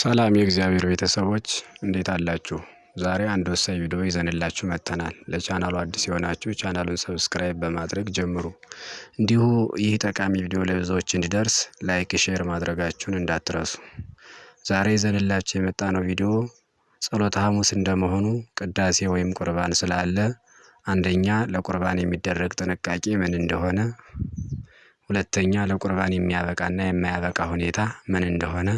ሰላም የእግዚአብሔር ቤተሰቦች እንዴት አላችሁ? ዛሬ አንድ ወሳኝ ቪዲዮ ይዘንላችሁ መጥተናል። ለቻናሉ አዲስ የሆናችሁ ቻናሉን ሰብስክራይብ በማድረግ ጀምሩ። እንዲሁ ይህ ጠቃሚ ቪዲዮ ለብዙዎች እንዲደርስ ላይክ፣ ሼር ማድረጋችሁን እንዳትረሱ። ዛሬ ይዘንላችሁ የመጣነው ቪዲዮ ጸሎተ ሐሙስ እንደመሆኑ ቅዳሴ ወይም ቁርባን ስላለ አንደኛ ለቁርባን የሚደረግ ጥንቃቄ ምን እንደሆነ፣ ሁለተኛ ለቁርባን የሚያበቃና የማያበቃ ሁኔታ ምን እንደሆነ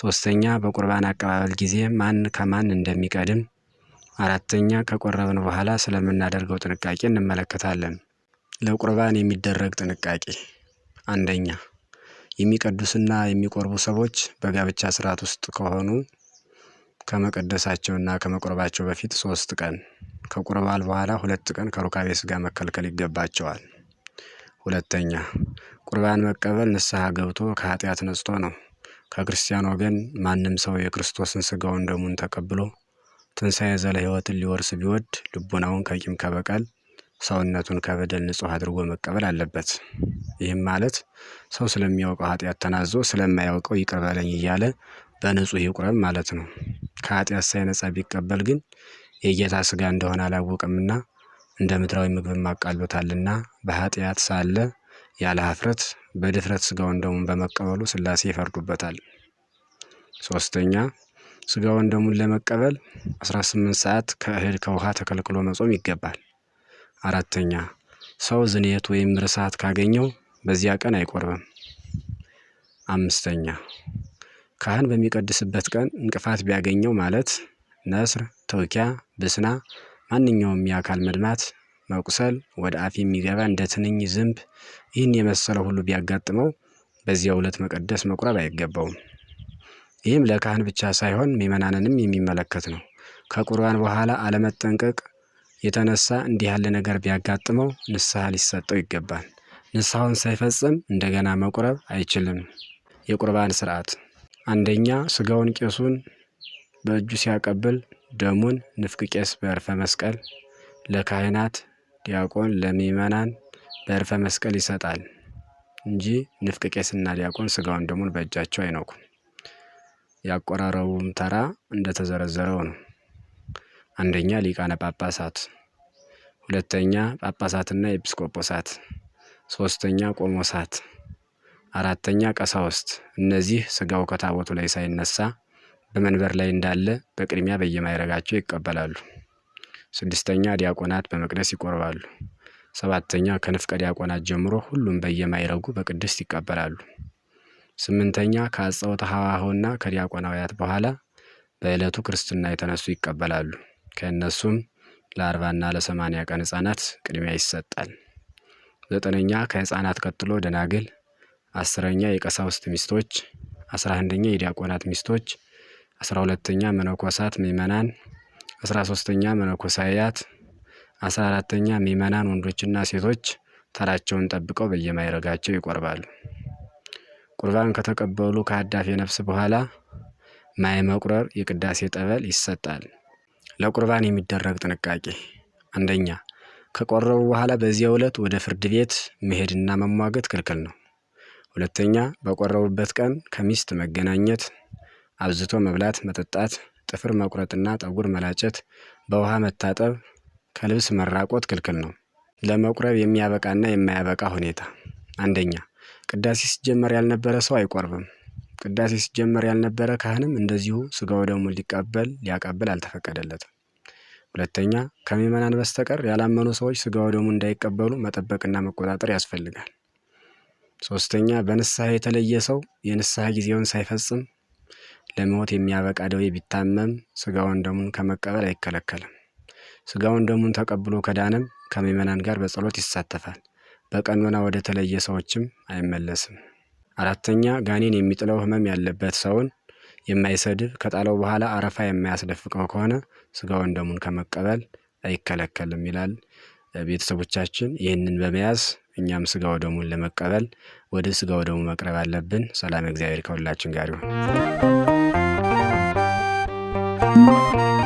ሶስተኛ በቁርባን አቀባበል ጊዜ ማን ከማን እንደሚቀድም አራተኛ ከቆረብን በኋላ ስለምናደርገው ጥንቃቄ እንመለከታለን። ለቁርባን የሚደረግ ጥንቃቄ አንደኛ የሚቀዱስና የሚቆርቡ ሰዎች በጋብቻ ስርዓት ውስጥ ከሆኑ ከመቀደሳቸውና ከመቆረባቸው በፊት ሶስት ቀን ከቁርባን በኋላ ሁለት ቀን ከሩካቤ ስጋ መከልከል ይገባቸዋል። ሁለተኛ ቁርባን መቀበል ንስሐ ገብቶ ከኃጢአት ነጽቶ ነው። ከክርስቲያን ወገን ማንም ሰው የክርስቶስን ስጋውን ደሙን ተቀብሎ ትንሣኤ ዘለ ሕይወትን ሊወርስ ቢወድ ልቡናውን ከቂም ከበቀል ሰውነቱን ከበደል ንጹሕ አድርጎ መቀበል አለበት። ይህም ማለት ሰው ስለሚያውቀው ኃጢአት ተናዞ ስለማያውቀው ይቅር በለኝ እያለ በንጹህ ይቁረብ ማለት ነው። ከኃጢአት ሳይነጻ ቢቀበል ግን የጌታ ስጋ እንደሆነ አላወቅምና እንደ ምድራዊ ምግብም አቃሎታልና በኃጢአት ሳለ ያለ ሀፍረት በድፍረት ስጋውን ደሙን በመቀበሉ ስላሴ ይፈርዱበታል። ሶስተኛ ስጋውን ደሙን ለመቀበል 18 ሰዓት ከእህል ከውሃ ተከልክሎ መጾም ይገባል። አራተኛ ሰው ዝንየት ወይም ርሳት ካገኘው በዚያ ቀን አይቆርብም። አምስተኛ ካህን በሚቀድስበት ቀን እንቅፋት ቢያገኘው ማለት ነስር፣ ተውኪያ፣ ብስና ማንኛውም የአካል መድማት መቁሰል ወደ አፍ የሚገባ እንደ ትንኝ ዝንብ ይህን የመሰለ ሁሉ ቢያጋጥመው በዚያው ዕለት መቀደስ መቁረብ አይገባውም። ይህም ለካህን ብቻ ሳይሆን ሚመናንንም የሚመለከት ነው። ከቁርባን በኋላ አለመጠንቀቅ የተነሳ እንዲህ ያለ ነገር ቢያጋጥመው ንስሐ ሊሰጠው ይገባል። ንስሐውን ሳይፈጽም እንደገና መቁረብ አይችልም። የቁርባን ስርዓት አንደኛ ስጋውን ቄሱን በእጁ ሲያቀብል ደሙን ንፍቅ ቄስ በእርፈ መስቀል ለካህናት ዲያቆን ለምእመናን በእርፈ መስቀል ይሰጣል እንጂ ንፍቅ ቄስና ዲያቆን ስጋውን ደሙን በእጃቸው አይነኩም። ያቆራረቡም ተራ እንደተዘረዘረው ነው። አንደኛ ሊቃነ ጳጳሳት፣ ሁለተኛ ጳጳሳትና ኤጲስቆጶሳት፣ ሶስተኛ ቆሞሳት፣ አራተኛ ቀሳውስት። እነዚህ ስጋው ከታቦቱ ላይ ሳይነሳ በመንበር ላይ እንዳለ በቅድሚያ በየማይረጋቸው ይቀበላሉ። ስድስተኛ ዲያቆናት በመቅደስ ይቆርባሉ። ሰባተኛ ከንፍቀ ዲያቆናት ጀምሮ ሁሉም በየማይረጉ በቅድስት ይቀበላሉ። ስምንተኛ ከአጸውተ ሐዋህውና ከዲያቆናውያት በኋላ በዕለቱ ክርስትና የተነሱ ይቀበላሉ። ከእነሱም ለአርባና ለሰማንያ ቀን ሕፃናት ቅድሚያ ይሰጣል። ዘጠነኛ ከሕፃናት ቀጥሎ ደናግል፣ አስረኛ የቀሳውስት ሚስቶች፣ አስራ አንደኛ የዲያቆናት ሚስቶች፣ አስራ ሁለተኛ መነኮሳት ምዕመናን አስራ ሶስተኛ መነኮሳያት አስራ አራተኛ ምእመናን ወንዶችና ሴቶች ተራቸውን ጠብቀው በየማይረጋቸው ይቆርባሉ። ቁርባን ከተቀበሉ ከአዳፍ ነፍስ በኋላ ማይ መቁረር የቅዳሴ ጠበል ይሰጣል። ለቁርባን የሚደረግ ጥንቃቄ አንደኛ ከቆረቡ በኋላ በዚያ ዕለት ወደ ፍርድ ቤት መሄድና መሟገት ክልክል ነው። ሁለተኛ በቆረቡበት ቀን ከሚስት መገናኘት፣ አብዝቶ መብላት፣ መጠጣት ጥፍር መቁረጥና ጠጉር መላጨት በውሃ መታጠብ ከልብስ መራቆት ክልክል ነው። ለመቁረብ የሚያበቃና የማያበቃ ሁኔታ አንደኛ ቅዳሴ ሲጀመር ያልነበረ ሰው አይቆርብም። ቅዳሴ ሲጀመር ያልነበረ ካህንም እንደዚሁ ስጋ ደሙን ሊቀበል ሊያቀብል አልተፈቀደለትም። ሁለተኛ ከሚመናን በስተቀር ያላመኑ ሰዎች ስጋ ወደሙ እንዳይቀበሉ መጠበቅና መቆጣጠር ያስፈልጋል። ሶስተኛ በንስሐ የተለየ ሰው የንስሐ ጊዜውን ሳይፈጽም ለሞት የሚያበቃ ደዌ ቢታመም ስጋውን ደሙን ከመቀበል አይከለከልም። ስጋውን ደሙን ተቀብሎ ከዳነም ከምዕመናን ጋር በጸሎት ይሳተፋል። በቀኖና ወደ ተለየ ሰዎችም አይመለስም። አራተኛ ጋኔን የሚጥለው ህመም ያለበት ሰውን የማይሰድብ ከጣለው በኋላ አረፋ የማያስደፍቀው ከሆነ ስጋውን ደሙን ከመቀበል አይከለከልም ይላል። ቤተሰቦቻችን ይህንን በመያዝ እኛም ስጋው ደሙን ለመቀበል ወደ ስጋው ደሙ መቅረብ አለብን። ሰላም እግዚአብሔር ከሁላችን ጋር ይሁን። Música hum.